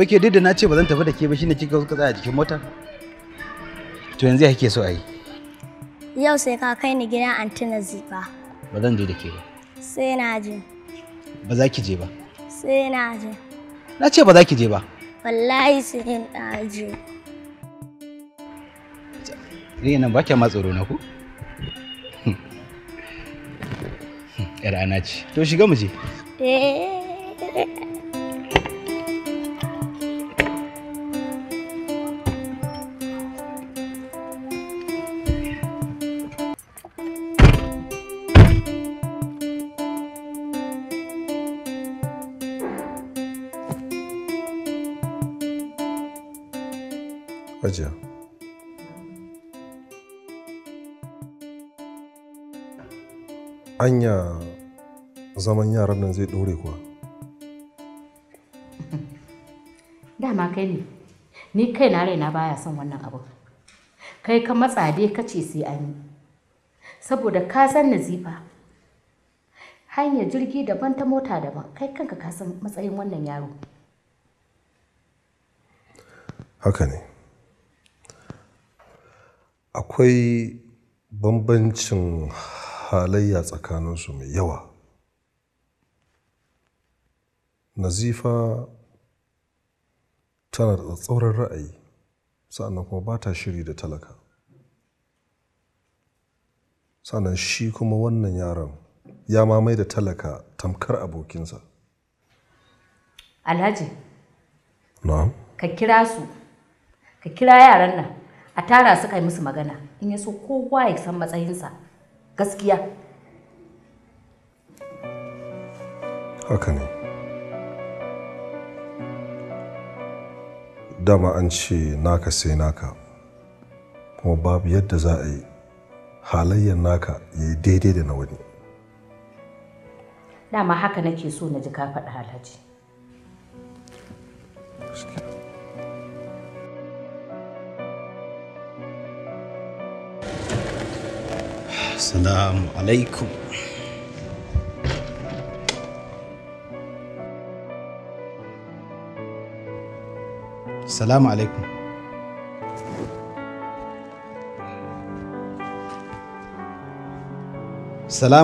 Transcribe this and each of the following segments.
wai ke duk da na ce ba zan tafi da ke ba shine kika ka tsaya jikin mota to yanzu ya kike so ayi. yau sai ka kai ni gidan antina ziba ba zan je da ke ba sai na je ba za ki je ba sai na je na ce ba za ki je ba wallahi sai na je ni nan ba kya ma tsoro na ku hm. Hm. yar ana ce to shiga mu je eh zaman yaran nan zai ɗore kuwa. Dama kai ne, ni kai na raina baya son wannan abu. Kai ka matsa dai ka ce sai an yi. Saboda ka san nazifa. Hanyar jirgi daban ta mota daban, kai kanka ka san matsayin wannan yaro. Haka ne. Akwai bambancin halayya tsakaninsu mai yawa. Nazifa tana da tsauran ra'ayi sa'annan kuma ba ta shiri da talaka. Sa'annan shi kuma wannan yaron ya mamai da talaka tamkar abokinsa. Alhaji. Na'am. Ka kira su, ka kira yaran nan, a tara su kai musu magana, in ya so kowa ya san matsayinsa. Gaskiya. Haka ne. dama an ce naka sai naka kuma babu yadda za a yi halayyar naka ya yi daidai da na wani dama haka nake so na ji ka faɗi alhaji Assalamu alaikum. Salamu alaikum.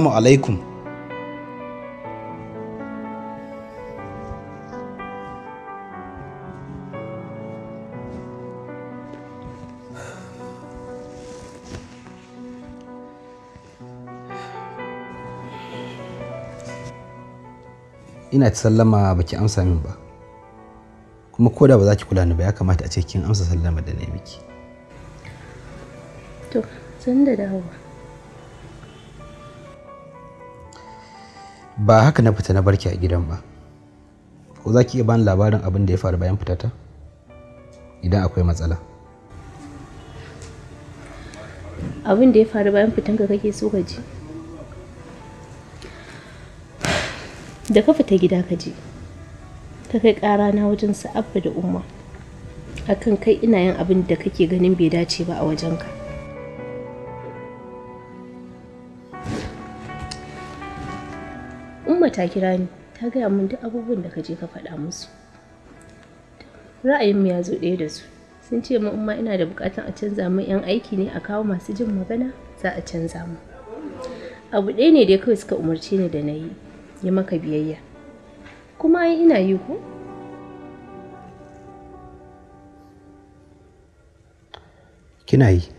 alaikum. Ina ta sallama baki amsa min ba. kuma ko da ba za ki kula ni ba ya kamata a ce kin amsa sallama da na yi miki to san da dawo ba haka na fita na barki a gidan ba ko za ki iya bani labarin abin da ya faru bayan fitata idan akwai matsala abin da ya faru bayan fitanka kake so ka ji da ka fita gida ka je ta kai ƙara na wajen sa'afa da umma akan kai ina yin abin da kake ganin bai dace ba a wajenka umma ta kira ni ta gaya min duk abubuwan da ka je ka faɗa musu ra'ayinmu ya zo ɗaya da su sun ce min umma ina da buƙatar a canza min 'yan aiki ne a kawo masu jin magana za a canza mu abu ɗaya ne ya kawai suka umarce ni da na yi yi maka biyayya kuma ai ina yi ko kina yi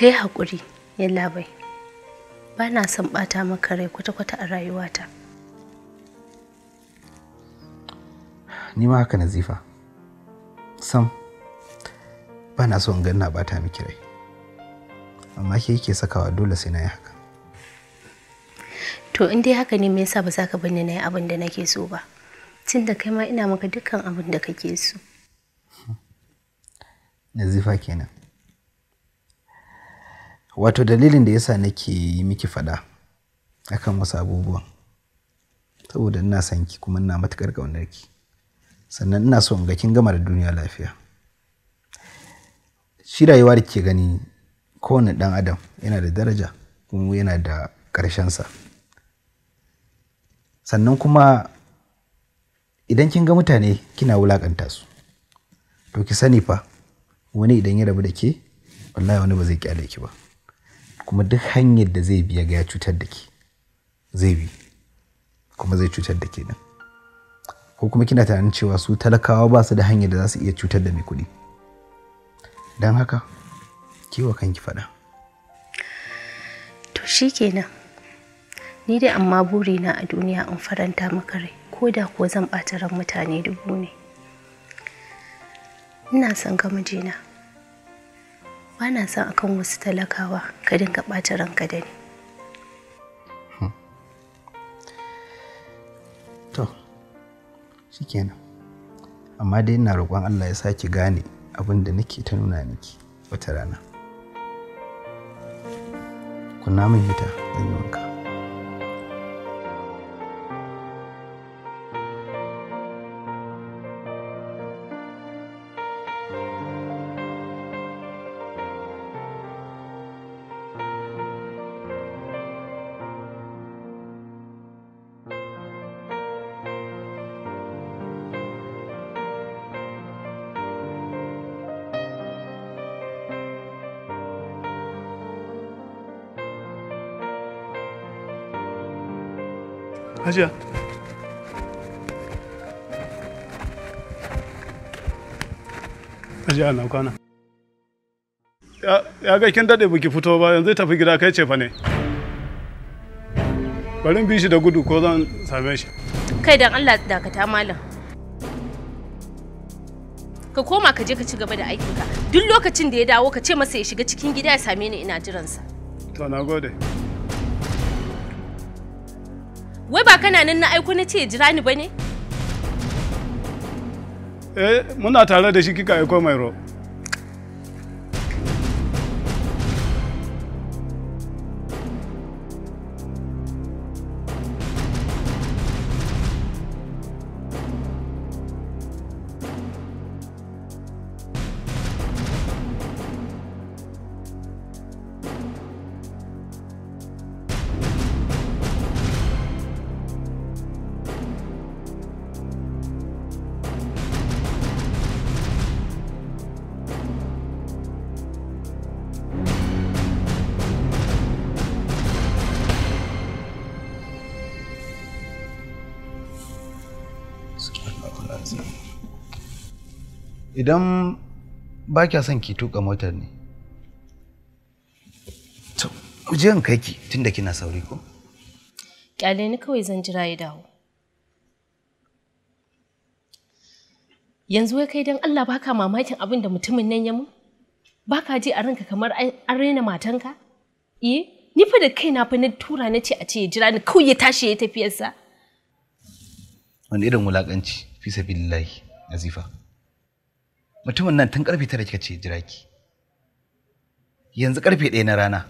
ka yi haƙuri yallaɓai ba na son ɓata maka rai kwata-kwata a rayuwata ni ma haka nazifa sam ba na son ganna bata miki rai amma ke yake sakawa dole sai na yi haka to in dai haka ne me yasa ba za ka bani na yi abin da nake so ba tun da kai ma ina maka dukkan abin da kake so nazifa kenan wato dalilin da yasa nake yi miki faɗa akan wasu abubuwan saboda ina son ki kuma ina matukar ƙaunar ki sannan ina so in ga kin gama da duniya lafiya shi rayuwa da ke gani kowane ɗan adam yana da daraja kuma yana da ƙarshensa sannan kuma idan kin ga mutane kina wulakanta su to ki sani fa wani idan ya rabu da ke wallahi wani ba zai kyale ki ba kuma duk hanyar da zai biya ga ya cutar da ke zai bi kuma zai cutar da ke nan ko kuma kina tunanin cewa su talakawa ba su da hanyar da za su iya cutar da mai kuɗi don haka kiwa kanki faɗa to shi kenan ni dai amma burina a duniya in faranta makare, rai ko da ko zan ɓata ran mutane dubu ne ina son ga mijina ba na son kan wasu talakawa ka dinga ɓata ranka da ni hmm. to shikenan amma dai ina roƙon Allah ya saki gane abin da nake ta nuna miki wata rana kunna min hita zan yi wanka hajiya hajiya na kwana ya ga kin daɗe baki fito ba yanzu tafi gida kai ce fa ne bari bi shi da gudu ko zan same shi kai dan Allah dakata malam ka koma ka je ka ci gaba da aikinka duk lokacin da ya dawo ka ce masa ya shiga cikin gida ya same ni ina jiransa to na gode Wai ba kana nan na aiko na ce jira ni ba ne. Eh, muna tare da shi kika aiko mai ro. ba kya son ki tuka motar ne to jiyan kai ki tunda kina sauri ko kyale ni kawai zan jira ya dawo yanzu wai kai dan Allah baka mamakin abin da mutumin nan ya mun baka ji a ranka kamar an raina matanka eh ni fa da kaina fa na tura na ce a ce ya jira ni kawai ya tashi ya tafiyarsa wani irin wulakanci fi sabilillahi azifa mutumin nan tun karfe tara kika ce jira ki yanzu karfe ɗaya na rana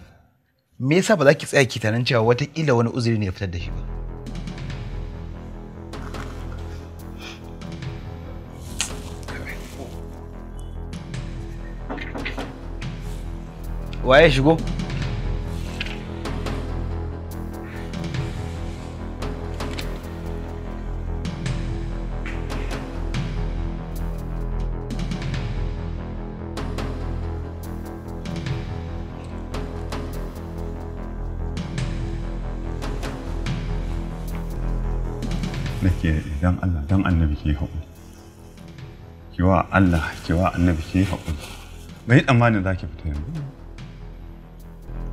me yasa ba za ki tsaya ki tanan cewa watakila wani uzuri ne ya fitar da shi ba waye shigo dan Allah dan annabi ki haƙu kiwa Allah kiwa annabi ke haƙuri bai tsammanin za ki fita yanzu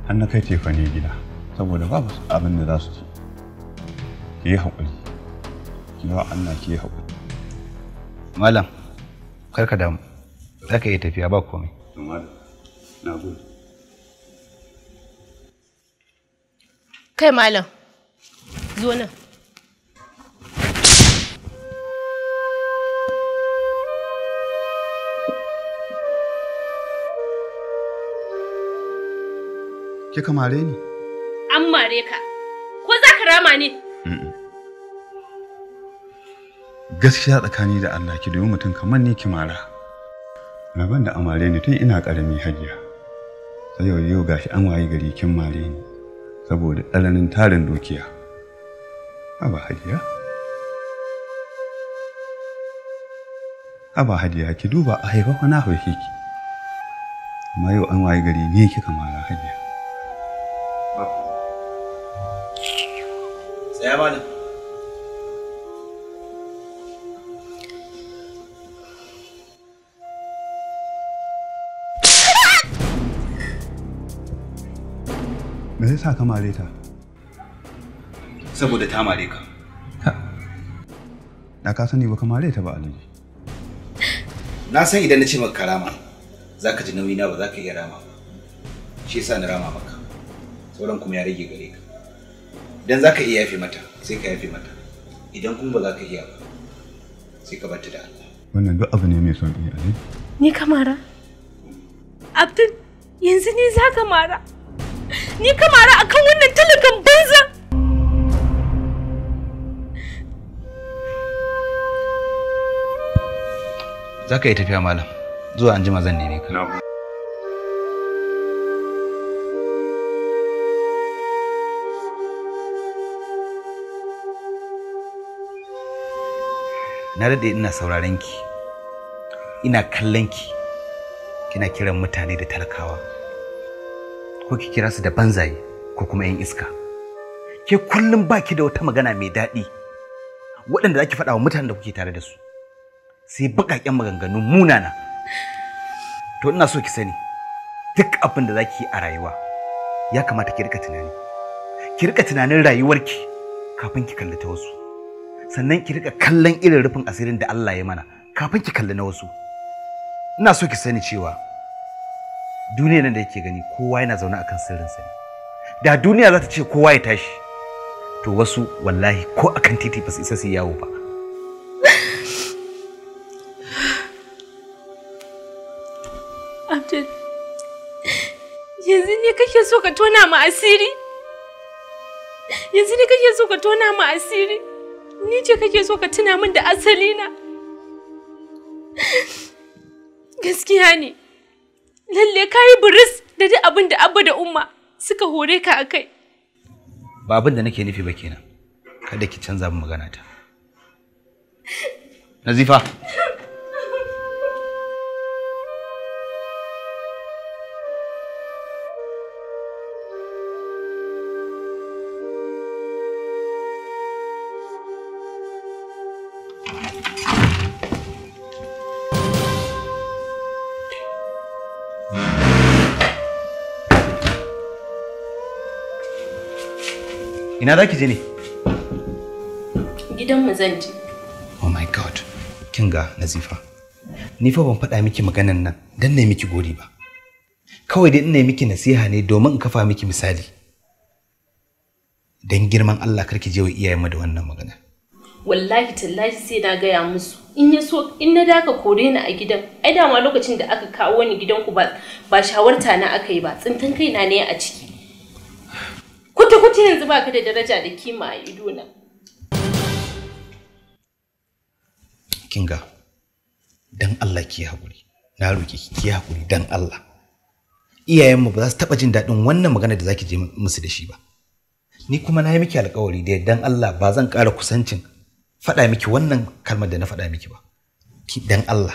har na kai tefa ne gida saboda babu abin da za su ci ke yi haƙuri kiwa Allah ke yi haƙuri malam kar ka damu za ka iya tafiya ba komai na gode kai malam zo nan Kika mare ni? An mare ka. Ko za ka rama ni? Gaskiya tsakani da Allah ki domin mutum kamar ni ki mara. Rabon da amare ni tun ina ƙarami hajiya. Sai yau yau gashi an waye gari kin mare ni saboda tsananin tarin dukiya. Aba hajiya. Aba hajiya ki duba a haifafa na haife ki. Amma yau an waye gari ne kika mara hajiya. Tsaya malam. Me zai sa ka mare ta? Saboda ta mare ka. Na ka sani ba ka mare ta ba Alhaji. Na san idan na ce maka karama za ka ji nauyi na ba za ka iya rama ba. Shi yasa na rama maka. Sauran kuma ya rage gare idan za ka iya yafe mata sai ka yafe mata idan kuma ba za ka iya ba sai ka bata da Allah wannan duk abu ne mai son iya ne ni ka mara abdul yanzu ni za ka mara ni ka mara akan wannan talakan banza za ka yi tafiya malam zuwa anjima zan neme ka na daɗe ina sauraron ki ina kallon ki kina kiran mutane da talakawa ko ki kira su da banzaye ko kuma yan iska ke kullum baki da wata magana mai daɗi waɗanda zaki faɗa wa mutanen da kuke tare da su sai baƙaƙen maganganu munana to ina so ki sani duk abin da zaki yi a rayuwa ya kamata ki rika tunani ki rika tunanin rayuwarki kafin ki kalli ta wasu sannan ki rika kallon irin rufin asirin da Allah ya mana kafin ki kalli na wasu ina so ki sani cewa duniya nan da yake gani kowa yana zaune akan sirrin sa da duniya za ta ce kowa ya tashi to wasu wallahi ko akan titi ba su isa su yawo ba Abdul yanzu ne kake so ka tona mu asiri yanzu ne kake so ka tona mu asiri ni ce kake so ka tuna min da asali na gaskiya ne lalle ka yi buris da duk abin da abba da umma suka hore ka a kai ba abin da nake nufi ba kenan kada ki canza min magana ta nazifa ina za ki je ne gidanmu zan je oh my god kin ga nazifa ni fa ban faɗa miki maganan nan dan ne miki gori ba kawai dai ina miki nasiha ne domin in kafa miki misali dan girman Allah kar ki je wa iyayenmu da wannan magana wallahi tallahi sai na gaya musu in ya so in na daka kore ni a gidan ai ma lokacin da aka kawo ni gidan ku ba ba shawarta na aka yi ba tsintan kaina ne a ciki Kuta-kuta yanzu ba ka da daraja da kima a na. Kinga, don Allah ki haƙuri, na roƙi ki haƙuri don Allah. Iyayenmu ba za su taɓa jin daɗin wannan magana da za ki je musu da shi ba. Ni kuma na yi miki alƙawari da dan Allah ba zan ƙara kusancin faɗa miki wannan kalmar da na faɗa miki ba. Dan Allah,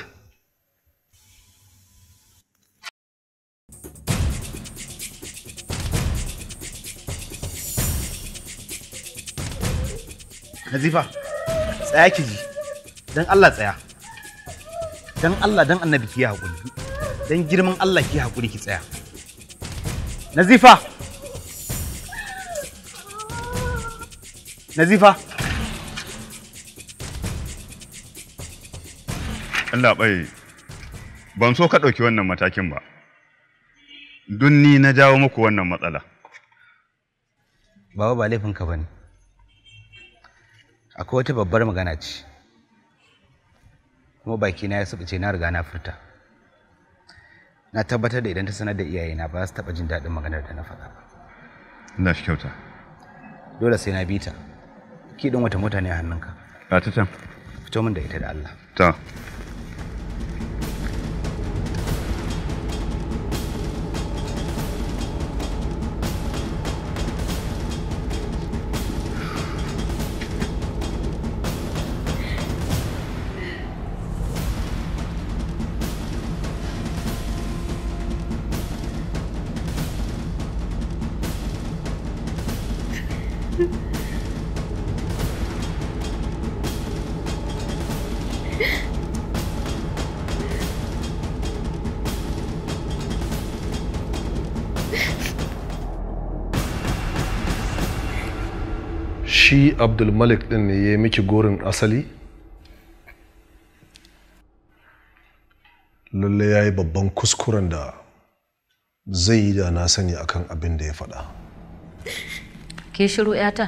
nazifa tsaya ki ji dan Allah tsaya dan Allah dan annabi ki hakuri dan girman Allah ki hakuri ki tsaya nazifa nazifa Allah bai ban so ka ɗauki wannan matakin ba dun ni na jawo muku wannan matsala baba ba laifinka ba ne akwai wata babbar magana ce kuma baki na ya saba ce na riga na furta na tabbatar da idan ta sanar da iyayena ba za su taba jin daɗin maganar da na faɗa ba ina shi kyauta dole sai na bi ta ki ɗin wata mota ne a hannunka ba ta fito min da ita da Allah ta abdul malik din ne ya yi miki gorin asali lalle ya yi babban kuskuren da zai yi da na sani akan abin da ya faɗa ke shiru yata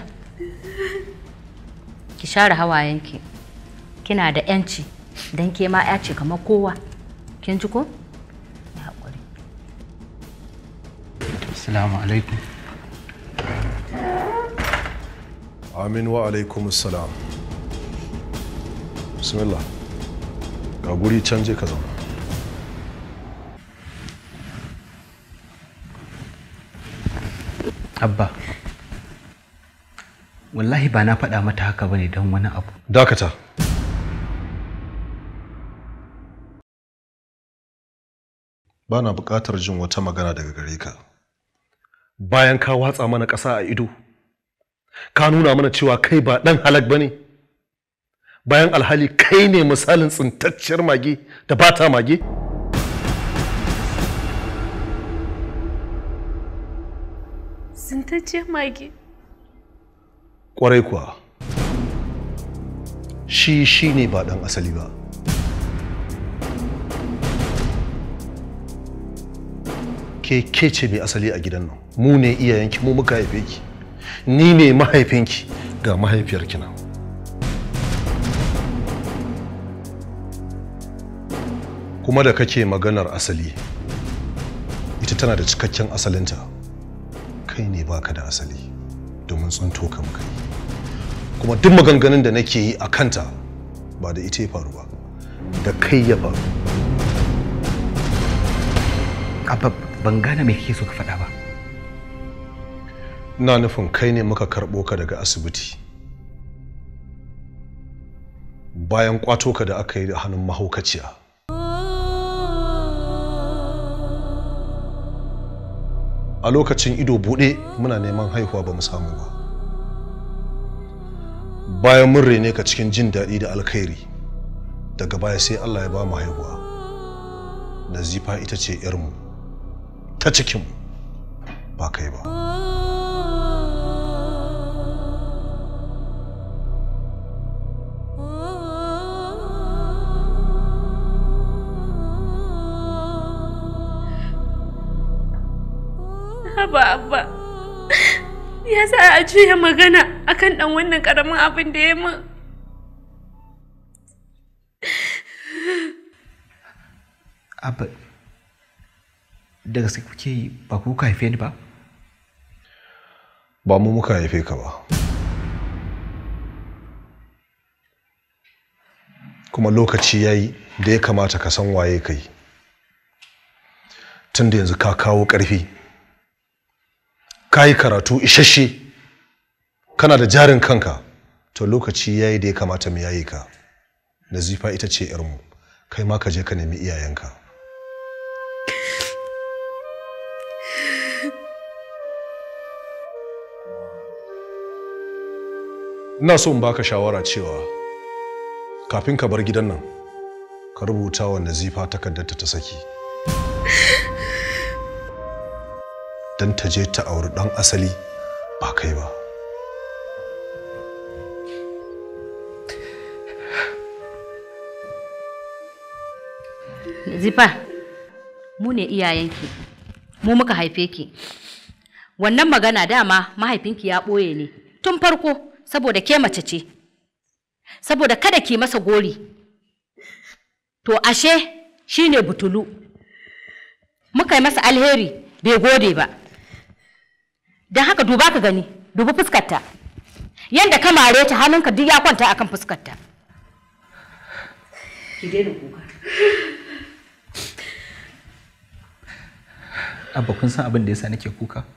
ki share hawayenki kina da 'yanci don ke ma 'ya ce kamar kowa kin ji ko? ya haƙuri. Assalamu alaikum. amin wa alaikum salam bismillah ga guri canje ka zauna abba wallahi ba na faɗa mata haka bane don wani abu dakata ba na buƙatar jin wata magana daga gare ka bayan ka watsa mana ƙasa a ido ka nuna mana cewa kai ba ɗan halak ba ne bayan alhali kai ne misalin tsintacciyar mage da ba ta mage tsintacciyar mage ƙwarai kuwa shi shi ne ba ɗan asali ba ke ce mai asali a gidan nan mu ne iyayenki mu muka haife ki ni ne mahaifinki ga mahaifiyarki kina. kuma da kake maganar asali ita tana da cikakken asalinta kai ne baka da asali domin tsunto ka kai kuma duk maganganun da nake yi a kanta ba da ita ya faru ba da kai ya faru abba ban gane me kake so ka faɗa ba na nufin kai ne muka karɓo ka daga asibiti bayan kwato ka da aka yi da hannun mahaukaciya a lokacin ido buɗe muna neman haihuwa ba mu samu ba bayan mun rene ka cikin jin daɗi da alkhairi daga baya sai allah ya ba mu haihuwa nazifa ita ce 'yarmu ta cikinmu ba kai ba yasa a juya magana akan ɗan wannan karamin abin da ya abba da gaske kuke yi ba ku ka haife ni ba ba mu muka haife ka ba kuma lokaci ya yi da ya kamata ka san waye kai tun da yanzu ka kawo karfi ka yi karatu isasshe kana da jarin kanka to lokaci ya yi da ya kamata mu yayi ka nazifa ita ce yarmu kai ma ka je ka nemi iyayenka ina so in baka shawara cewa kafin ka bar gidan nan ka rubuta wa nazifa takardar ta ta saki don ta je ta auri ɗan asali ba kai ba zifa mu ne iyayenki mu muka haife ki wannan magana dama mahaifinki ya ɓoye ne tun farko saboda ke mace ce saboda kada ki masa gori to ashe shine butulu muka yi masa alheri bai gode ba don haka duba ka gani dubi fuskarta yadda ka mare ta hannunka duk ya kwanta akan fuskarta ki daina kuka abba kun san abin da yasa nake kuka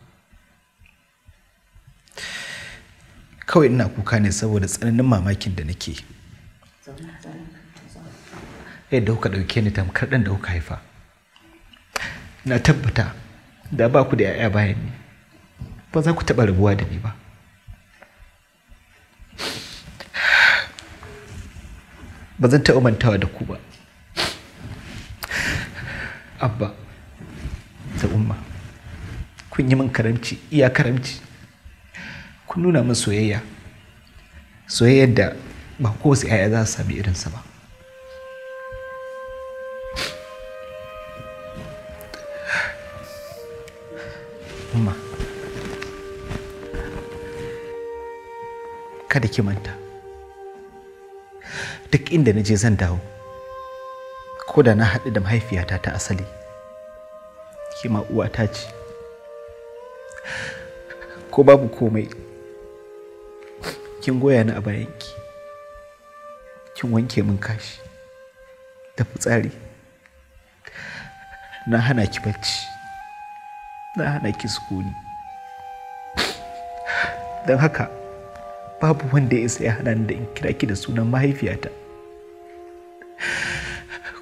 kawai ina kuka ne saboda tsananin mamakin da nake yadda kuka ɗauke ni tamkar ɗan da kuka haifa na tabbata da ba ku da 'ya'ya bayan ni ba za ku taɓa rabuwa da ni ba ba zan taɓa mantawa da ku ba abba da umma kun yi min karamci iya karamci kun nuna min soyayya soyayyar da ba wasu 'ya'ya za su sami irinsa ba kada ki manta duk inda na je zan dawo ko da na haɗu da mahaifiyata ta asali kima uwata ce ko babu komai kin goya ni a bayanki kin wanke min kashi da fitsari na hana ki bacci na hana ki sukuni don haka babu wanda ya isa ya hana da in kira ki da sunan mahaifiyata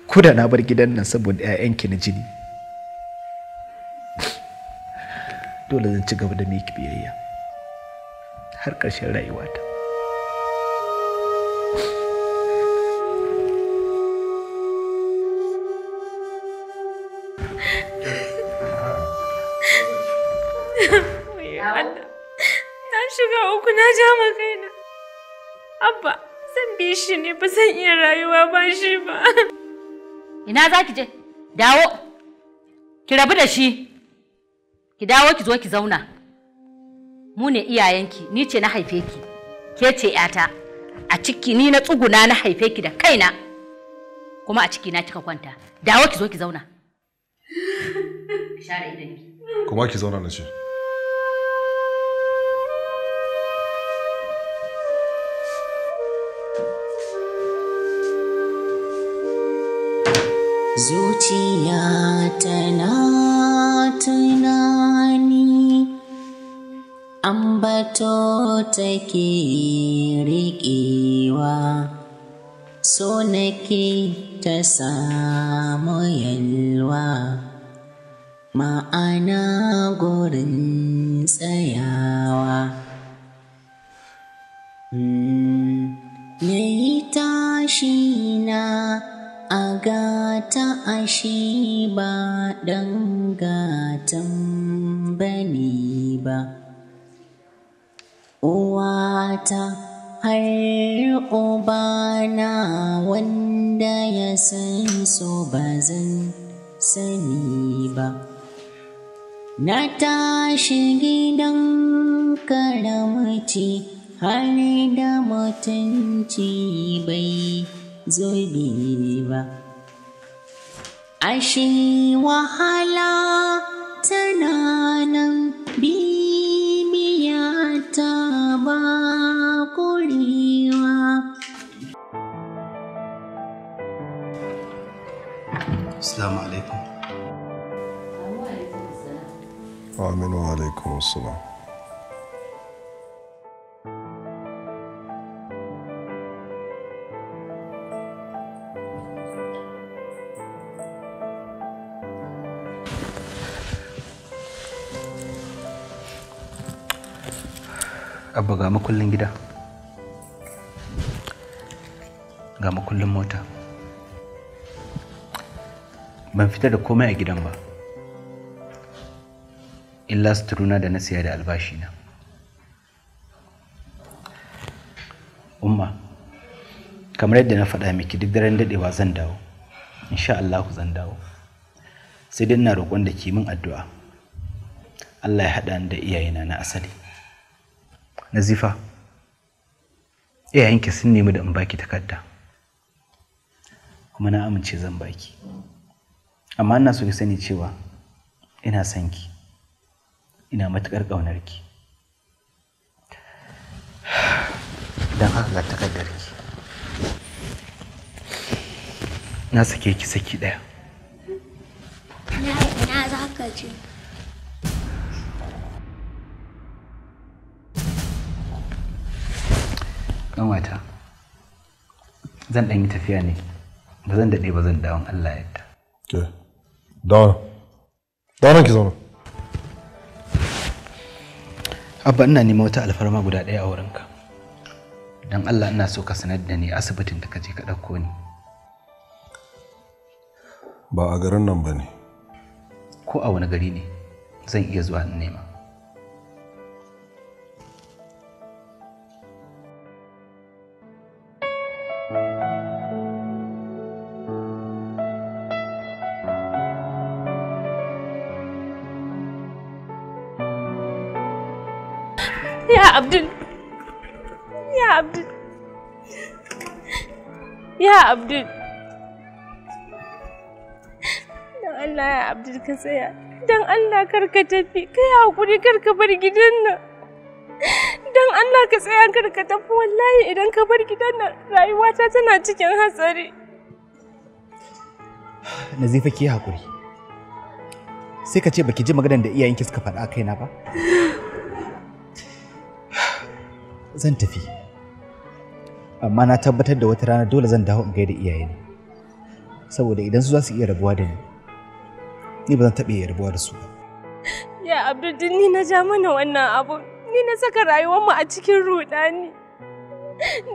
ko da na bar gidan nan saboda 'ya'yanki na jini dole zan ci gaba da miki biyayya har ƙarshen rayuwata Yeah. Na shiga uku na ja kaina. Abba, zan bi shi ne ba zan iya rayuwa ba shi ba. Ina za ki je? Dawo. Ki rabu da shi. Ki dawo ki zo ki zauna. Mu ne iyayenki, ni ce na haife ki. Ke ce ‘yata. A ciki ni na tsuguna na haife ki da kaina. Kuma a ciki na kika kwanta. Dawo ki zo ki zauna. Ki share idanki. Kuma ki zauna na ce. zuciya tana tunani ambato take riƙewa so nake ta samu yalwa ma'ana gurin tsayawa mm. yi tashi na gata ashi ba ɗan gatan bane ba. Uwata har ubana wanda ya san so ba zan sani ba na tashi gidan karamci har da mutunci bai zobe ba ashe wahala tana nan bibiya ta ba kurewa. Assalamu alaikum. Wa aminu alaikum ga makullin gida ga makullin mota ban fita da komai a gidan ba illa struna da na siya da albashina umma kamar yadda na faɗa miki duk daren daɗewa zan dawo insha Allahu zan dawo sai dai ina roƙon da ki min addu'a Allah ya haɗa ni da iyayena na asali nazifa iyayenki sun nemi da in baki takarda kuma na amince zan baki amma ina so ki sani cewa ina son ki ina matuƙar ƙaunar ki don haka ga takardar ki na sake ki saki ɗaya ina za ka ce ƙanwata zan ɗan yi tafiya ne ba zan daɗe ba zan dawon Allah ya yadda. Ke, dawon, dawon ki zauna. Abba ina neman wata alfarma guda ɗaya a wurinka. Don Allah ina so ka sanar da ni asibitin da ka je ka ɗauko ni. Ba a garin nan ba ne. Ko a wani gari ne zan iya zuwa nema. Abdul. Ya Abdul. Ya Abdul. Don Allah ya Abdul ka tsaya. Don Allah kar ka tafi. Kai hakuri kar ka bar gidan nan. Don Allah ka tsaya kar ka tafi wallahi idan ka bar gidan nan rayuwata tana cikin hatsari. Nazifa ki hakuri. Sai ka ce baki ji maganar da iyayenki suka faɗa kaina ba? zan tafi amma na tabbatar da wata rana dole zan dawo in gaida iyayena saboda idan su za su iya rabuwa da ni ni ba zan taɓa iya rabuwa da su ba ya abdul ni na ja mana wannan abu ni na saka rayuwar mu a cikin rudani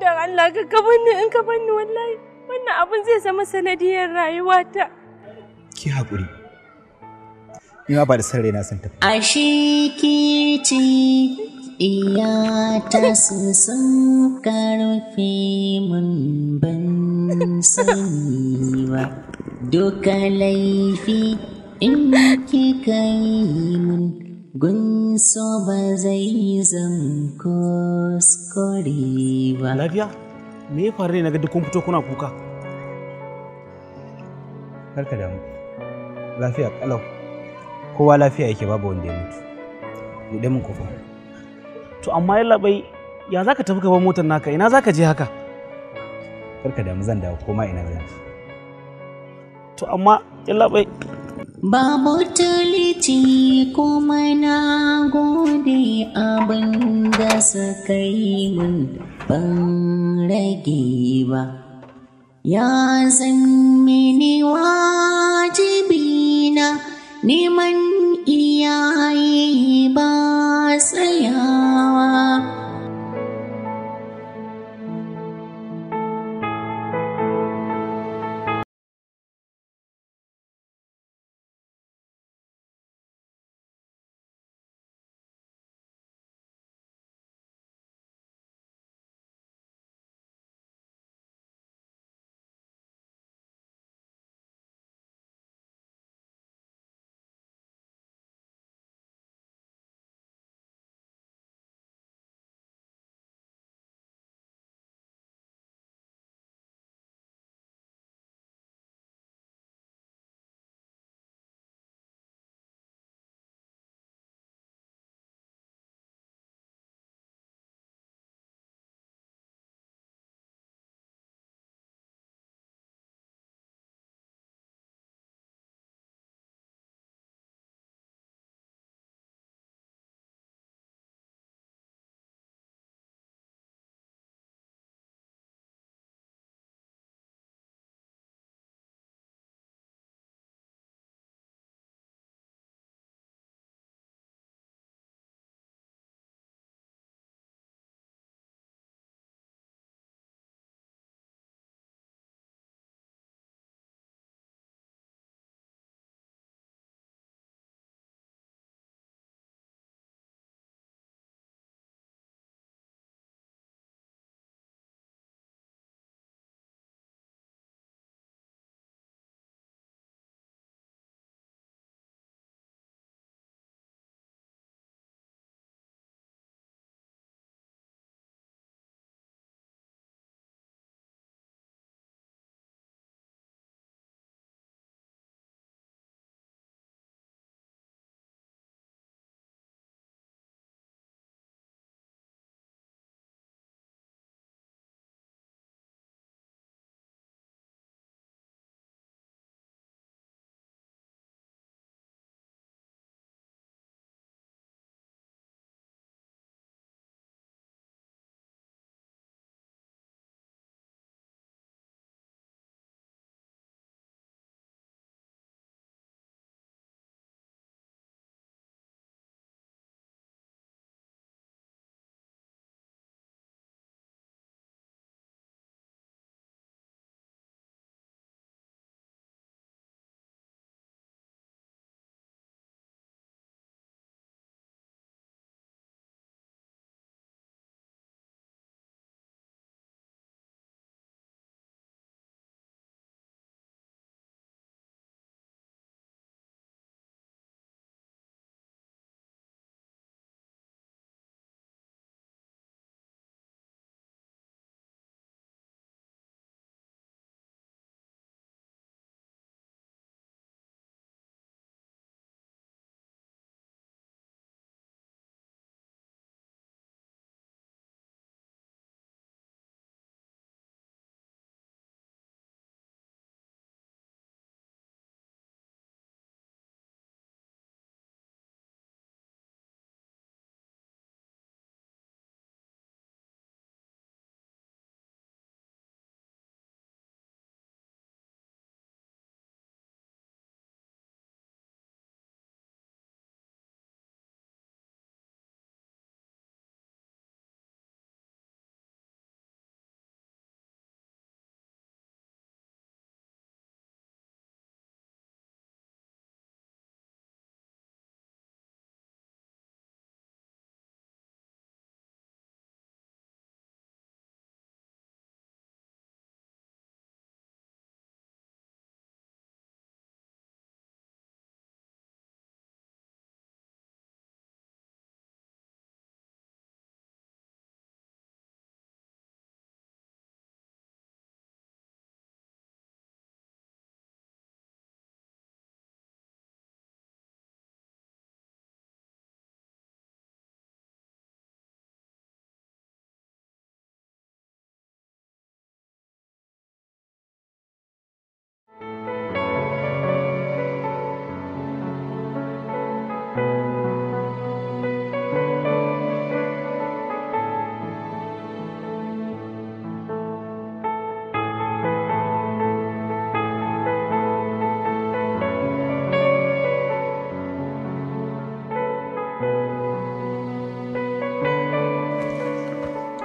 don allah ka ka banni in ka banni wallahi wannan abun zai zama sanadiyar rayuwata ki haƙuri ni ma ba da san raina san tafi. Ashe ki ci. iyata su sun karfe mun ban sani ba duka laifi in ki kai mun gunso ba zai zan kuskure ba lafiya me ya faru ne na duk kun fito kuna kuka karka damu lafiya kalau kowa lafiya yake babu wanda ya mutu bude mun kofa to amma yalla bai ya zaka tafi gaban motar naka ina zaka je haka karka damu zan dawo koma ina zan to amma yalla bai Babu tulici kuma na gode abin da suka yi min ban rage ba. Ya wajibi na, neman iyaye ba tsaya.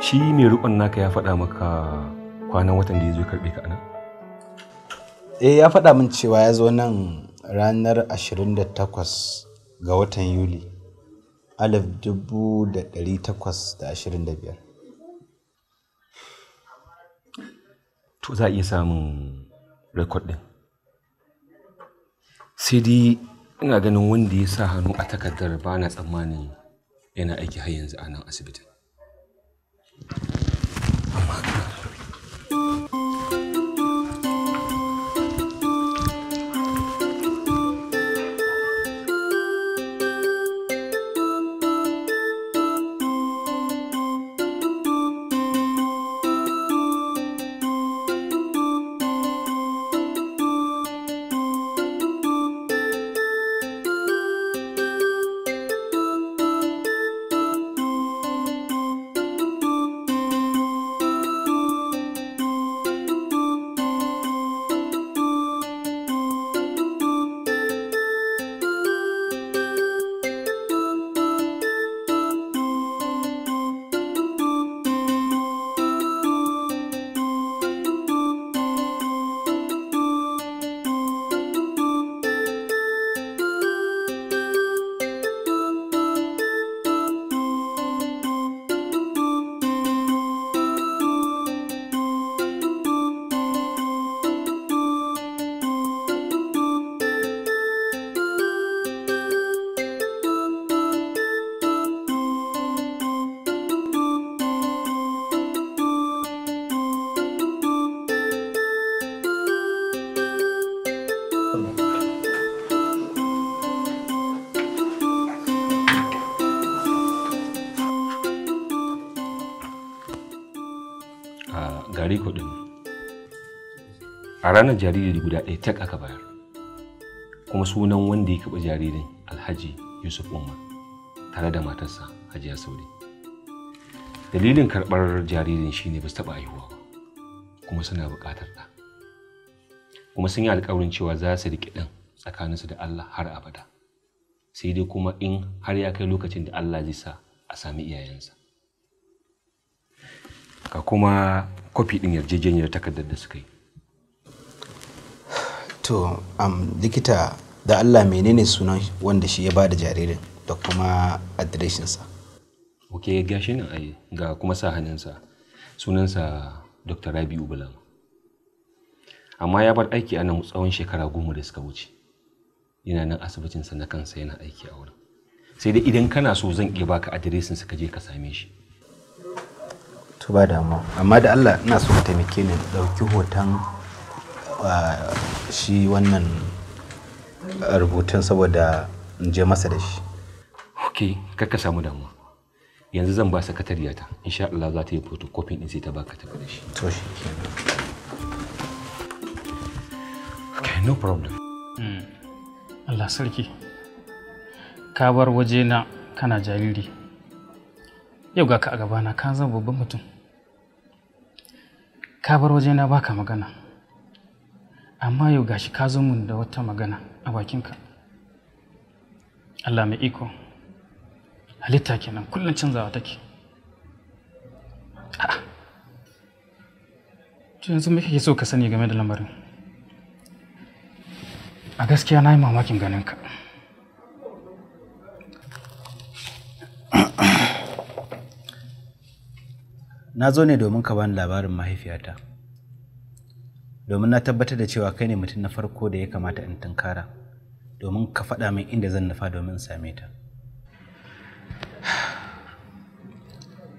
shi mai rukon naka ya faɗa maka kwanan watan da ya zo karɓe ka eh ya faɗa min cewa ya zo nan ranar 28 ga watan yuli da 1825 to za a iya samun rekod din. sai dai ina ganin wanda ya sa hannu a takardar ba na tsammani yana aiki har yanzu a nan asibitin Amanda. ranar jariri guda ɗaya tak aka bayar kuma sunan wanda ya kaɓa jaririn alhaji yusuf umar tare da matarsa hajiya saudi dalilin karɓar jaririn shine ba su taɓa haihuwa ba kuma suna buƙatar ɗa kuma sun yi alƙawarin cewa za su riƙe ɗan tsakaninsu da allah har abada sai dai kuma in har ya kai lokacin da allah zai sa a sami iyayensa ka kuma kwafi ɗin yarjejeniyar takardar da suka yi to um, likita da allah menene sunan wanda shi ya ba da jaririn da kuma adireshinsa ok ga shi nan ai ga kuma sa hannunsa sunansa dr rabi ubulan amma ya bar aiki a nan tsawon shekara goma da suka wuce yana nan asibitinsa na kansa yana aiki a wurin sai dai idan kana so zan iya baka adireshinsa ka je ka same shi to ba damuwa amma da allah ina so ka taimake ni ɗauki hoton shi wannan rubutun saboda in je masa da shi ok kakka samu damuwa yanzu zan ba sakatariya ta insha Allah za ta yi photocopy din sai ta baka ta da shi to shi okay no problem hmm. Allah sarki ka bar waje na kana jariri yau ga ka a gabana ka zama babban mutum ka bar waje na baka magana amma yau gashi ka zo mun da wata magana a bakinka Allah mai iko halitta kenan kullum canzawa take a'a to yanzu me kake so ka sani game da lamarin a gaskiya na yi mamakin ganinka na zo ne domin ka bani labarin mahaifiyata domin na tabbatar da cewa kai ne mutum na farko da ya kamata in tunkara domin ka faɗa min inda zan nufa domin same ta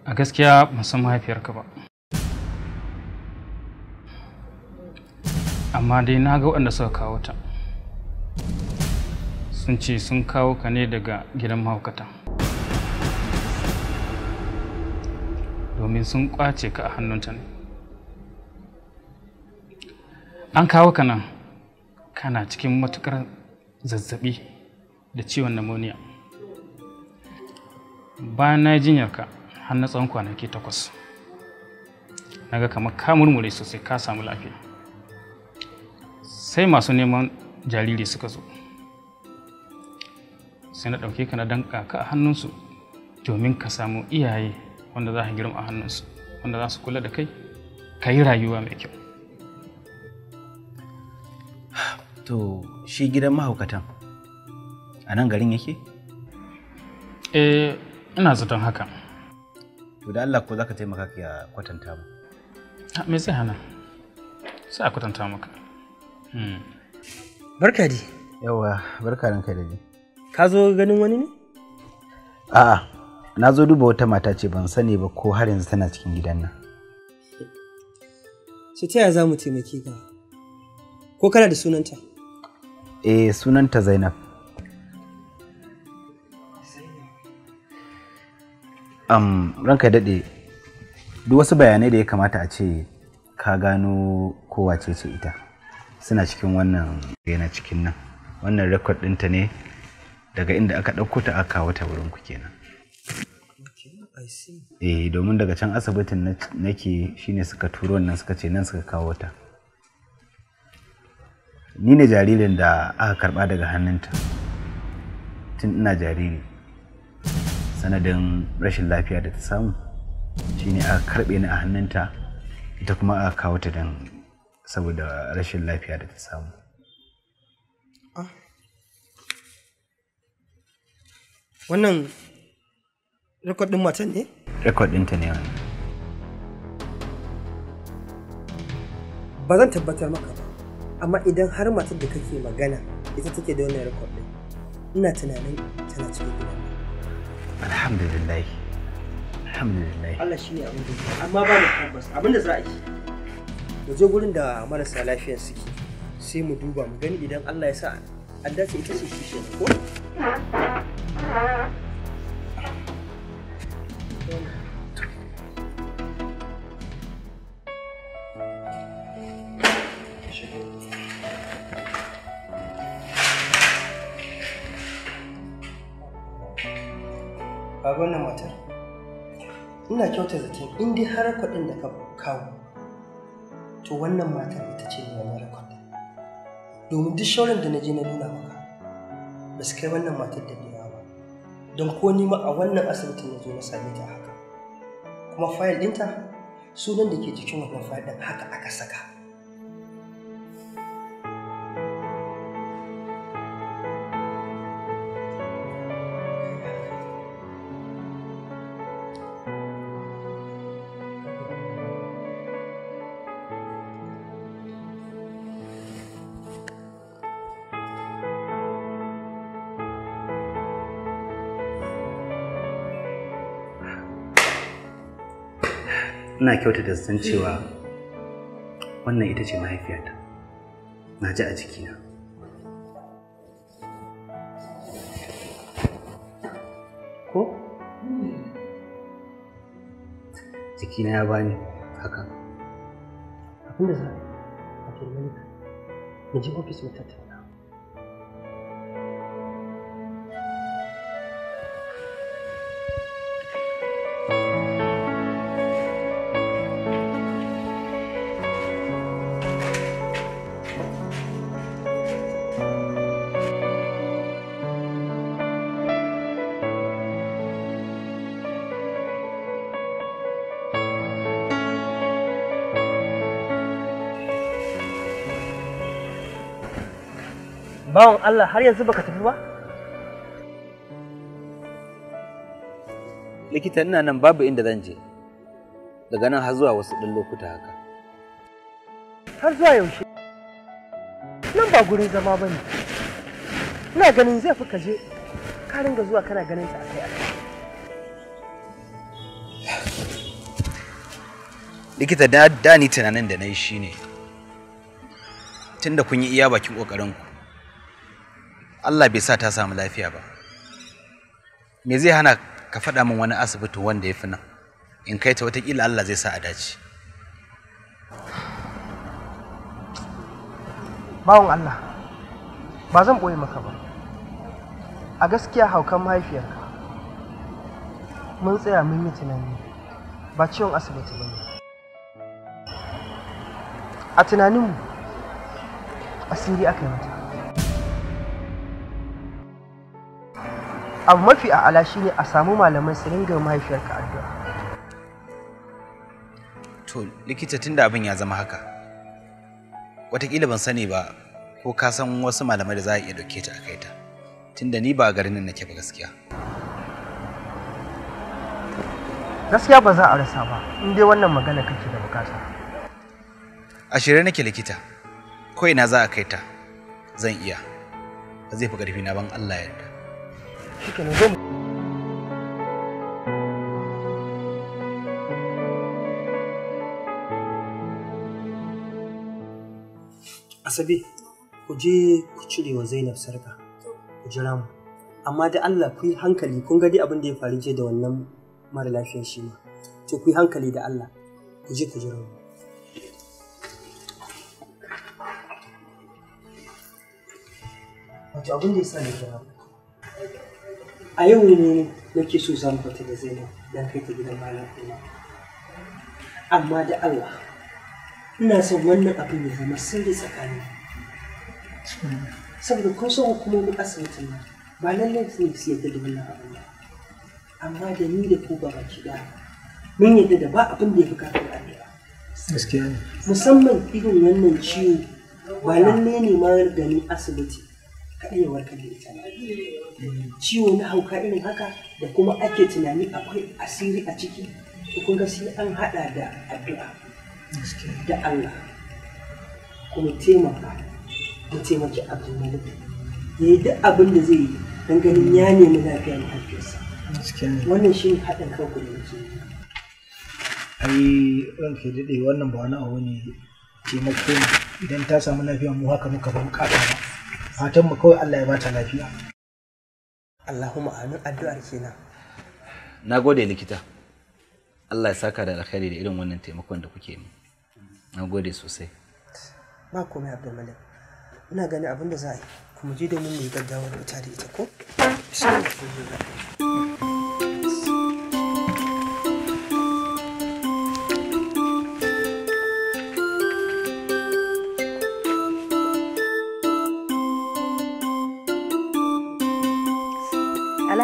a gaskiya ban san mahaifiyarka ba amma dai na ga waɗanda suka kawo ta sun ce sun kawo ka ne daga gidan mahaukata domin sun ƙwace ka a hannunta ne an kawo ka nan kana cikin matukar zazzabi da ciwon pneumonia bayan na yi ka har na tsawon kwanaki takwas Na ga kamar ka murmure sosai ka samu lafiya sai masu neman jariri suka zo sai na ɗauke ka na danka ka a hannunsu domin ka samu iyaye wanda za ka girma a hannunsu wanda za su kula da kai ka yi rayuwa mai kyau To shi gidan mahaukatan a nan garin yake? Eh, ina zaton haka. To da Allah ko za ka taimaka ka kwatanta mu. Me zai hana? Sai a kwatanta maka. Hmm. Barka di. Yawa, barka ranka da ni. Ka zo ganin wani ne? A'a, na zo duba wata mata ce ban sani ba ko har yanzu tana cikin gidan nan. Ce ta yaya za mu taimake ka? Ko kana da sunanta? eh sunanta zainab um, ranka daɗe duk wasu bayanai da ya kamata a ce ka gano kowa ce ce ita suna cikin wannan yana cikin nan wannan rekod ta ne daga inda aka ɗauko ta aka wata wurin ku kenan eh domin daga can asibitin nake shine suka turo nan suka ce nan suka kawo ta ni ne jaririn da aka karba daga hannunta tun ina jariri sanadin rashin lafiya da ta samu shine aka karbe ni a hannunta ita kuma aka kawo ta don saboda rashin lafiya da ta samu ah. wannan rikodin matan ne? Rikodin ta ne wani ba zan tabbatar maka amma idan har matar da kake magana ita take da wannan rekod din ina tunanin tana cikin gidan alhamdulillah alhamdulillah Allah shine abin da amma ba mu tabbas abin da za a yi mu je gurin da marasa lafiyar suke sai mu duba mu gani idan Allah ya sa an dace ita ce shi ko wannan matar ina kyauta zaton in dai har kuɗin da ka kawo to wannan matar ita ce mai wannan rakon domin duk shaurin da na je na nuna maka ba su kai wannan matar da biya ba don ko nima a wannan asibitin na zo na same ta haka kuma fayil ɗinta sunan da ke jikin wannan fayil ɗin haka aka saka ina da san cewa wannan ita ce mahaifiyata na ji a jikina ko jikina ya bani haka abinda za a ke turmani na ji ofis matata bawan Allah har yanzu baka tafi ba likita ina nan babu inda zan je daga nan har zuwa wasu ɗan lokuta haka har zuwa yaushe nan ba gurin zama ba ne ina ganin zai fi ka je ka ringa zuwa kana ganin ta akai akai likita da ni tunanin da na yi shine tunda kun yi iya bakin ƙoƙarinku Allah bai sa ta samu lafiya ba me zai hana ka faɗa min wani asibiti wanda ya fi nan in kai ta watakila Allah zai sa a dace bawon Allah ba zan ɓoye maka ba a gaskiya haukan mahaifiyarka mun tsaya mun yi tunani ba ciwon asibiti ba ne a tunaninmu asiri aka yi mata abu mafi a'ala shine a samu malamai su ringa mahaifiyarka addu'a to likita tunda abin ya zama haka watakila ban sani ba ko ka san wasu malamai da za a iya dauke ta a kai ta tunda ni ba garin nan nake ba gaskiya gaskiya ba za a rasa ba in dai wannan magana kake da bukata a shirye nake likita ko ina za a kai ta zan iya ba zai fi ƙarfi na ban Allah yarda shikenan zo mu Asabe, ku je ku cire wa Zainab sarka, ku jira mu. Amma da Allah ku yi hankali kun gadi abin da ya faru je da wannan mara lafiyar shi ma. To ku yi hankali da Allah, ku je ku jira mu. Wato abin da ya sa ne jira mu. a yau ne nake so mu fita da zainab don kai ta gidan malam ɗina amma da allah ina son wannan abin ya zama sirri tsakanin saboda kun san hukumomin asibitin nan ba lallai su ne su yadda da wannan abin ba amma da ni da ku ba baki da mun yadda da ba abin da ya fi kafin arewa musamman irin wannan ciwo ba lallai ne ma gani asibiti kaɗewar ka da ita ciwo na hauka irin haka da kuma ake tunani akwai asiri a ciki kun ga sai an haɗa da addu'a da Allah kuma taimaka da taimaki abin da ya yi duk abin da zai yi don ganin ya nemi lafiyar mahaifiyarsa wannan shi ne haɗin kanku ku da yake ai ranka daɗe wannan ba wani abu ne taimako idan ta samu lafiya mu haka muka ba mu ƙasa ba fatan mu kawai Allah ya bata lafiya Allahumma amin addu'ar kenan na gode likita Allah ya saka da alkhairi da irin wannan taimakon da kuke yi. na sosai ba komai Malik. ina gani abin da za a yi kuma je domin mu yi gaggawar wuta da ita ko ne.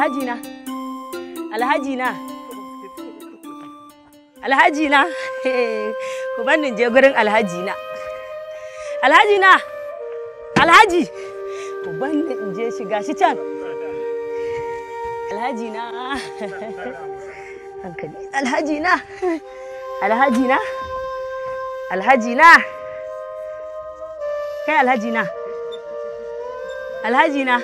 alhaji na alhaji na alhaji na ku bannin je gurin alhaji na alhaji na alhaji ku bannin je shiga shi can alhaji na hankali alhaji na alhaji na alhaji na kai alhaji na alhaji na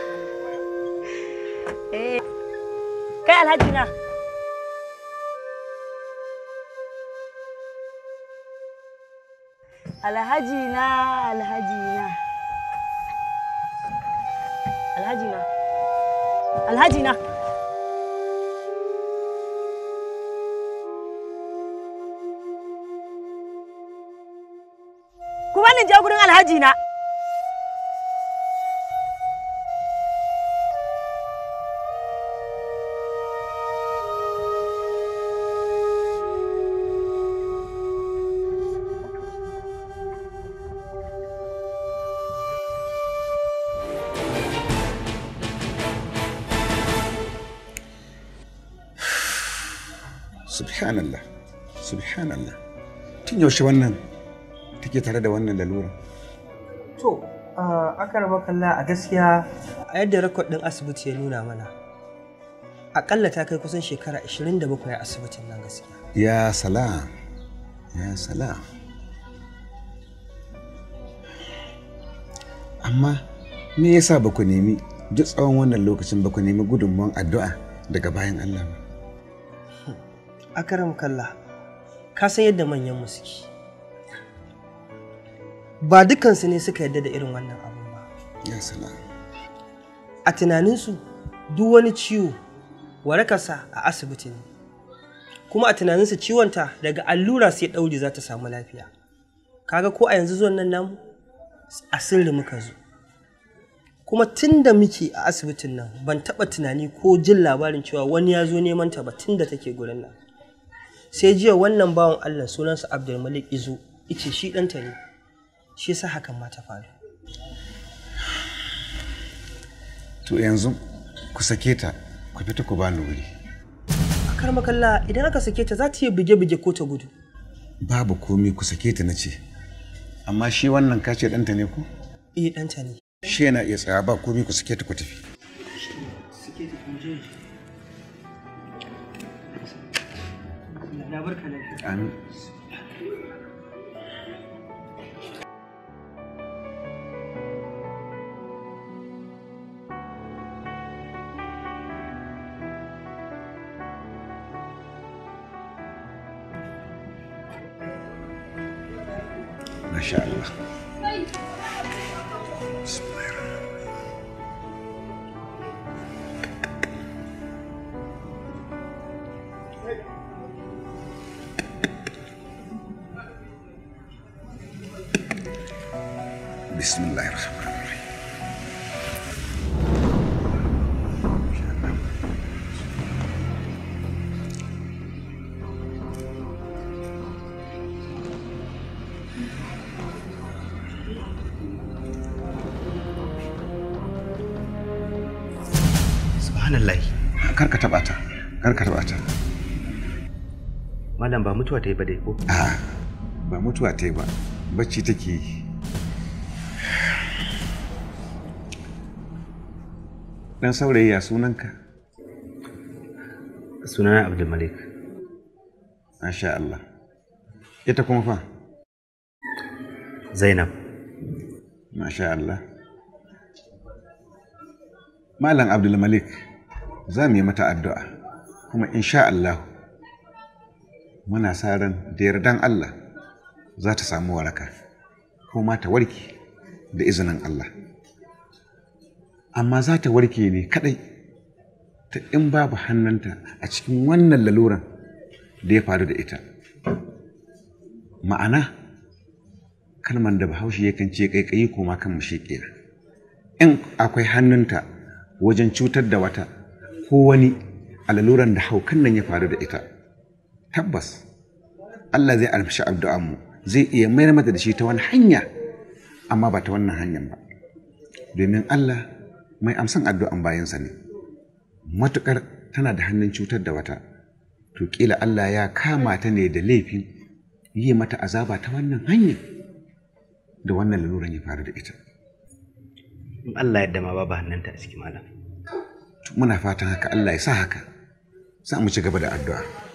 kai alhaji na alhaji na alhaji na alhaji na alhaji na ku bani je gurin alhaji na tun yaushe wannan take tare da wannan lalura to karba kalla a gaskiya a yadda rekod ɗin asibiti ya nuna mana akalla ta kai kusan shekara 27 a asibitin nan gaskiya ya sala ya sala. amma me yasa ba ku nemi duk tsawon wannan lokacin ba ku nemi gudunmuwan addu'a daga bayan Allah ba hm, akaram kalla. ka san yadda manyan mu suke ba dukansu ne suka yarda da irin wannan abu ba a tunaninsu duk wani ciwo warakarsa a asibiti ne kuma a tunaninsu ta, daga allura sai ɗauri za ta samu lafiya kaga ko a yanzu zuwan nan namu a sirri muka zo kuma tun da muke a asibitin nan ban taɓa tunani ko jin labarin cewa wani ya zo neman ta ba tun da take gurin nan sai jiya wannan bawan Allah sunansa Abdulmalik Izo ice shi ɗanta ne shi sa hakan ma ta faru to yanzu ku sake ta ku fita ku bani wuri a karmakalla idan aka sake ta za ta yi buge-buge ko ta gudu babu komi ku sake ta na ce amma shi wannan kace ɗanta ne ko eh ɗanta ne shi yana iya tsaya ba komi ku sake ta ku tafi sake ta je never connected. And malam ba mutuwa ta yi ba dai ko a ba mutuwa ta yi ba bacci take yi dan saurayi ya sunanka sunana abdulmalik masha Allah ita kuma fa zainab masha Allah malam abdulmalik za mu yi mata addu'a kuma insha Allah muna sa ran da yardan Allah za ta samu waraka ko ma ta warke da izinin Allah amma za ta warke ne kadai ta in babu hannunta a cikin wannan laluran da ya faru da ita ma'ana kalman da bahaushe yakan kai kaikayi ko ma kan mashiƙiya in akwai hannunta wajen cutar da wata ko wani a laluran da haukan nan ya faru da ita tabbas Allah zai alfashi mu zai iya mayar mata da shi ta wani hanya amma ba ta wannan hanyar ba domin Allah mai amsan addu'an bayansa ne matuƙar tana da hannun cutar da wata to ƙila Allah ya kama ta ne da laifin yi mata azaba ta wannan hanyar da wannan laluran ya faru da ita Allah yadda ma babu hannunta a cikin malam muna fatan haka Allah ya sa haka sa mu ci gaba da addu'a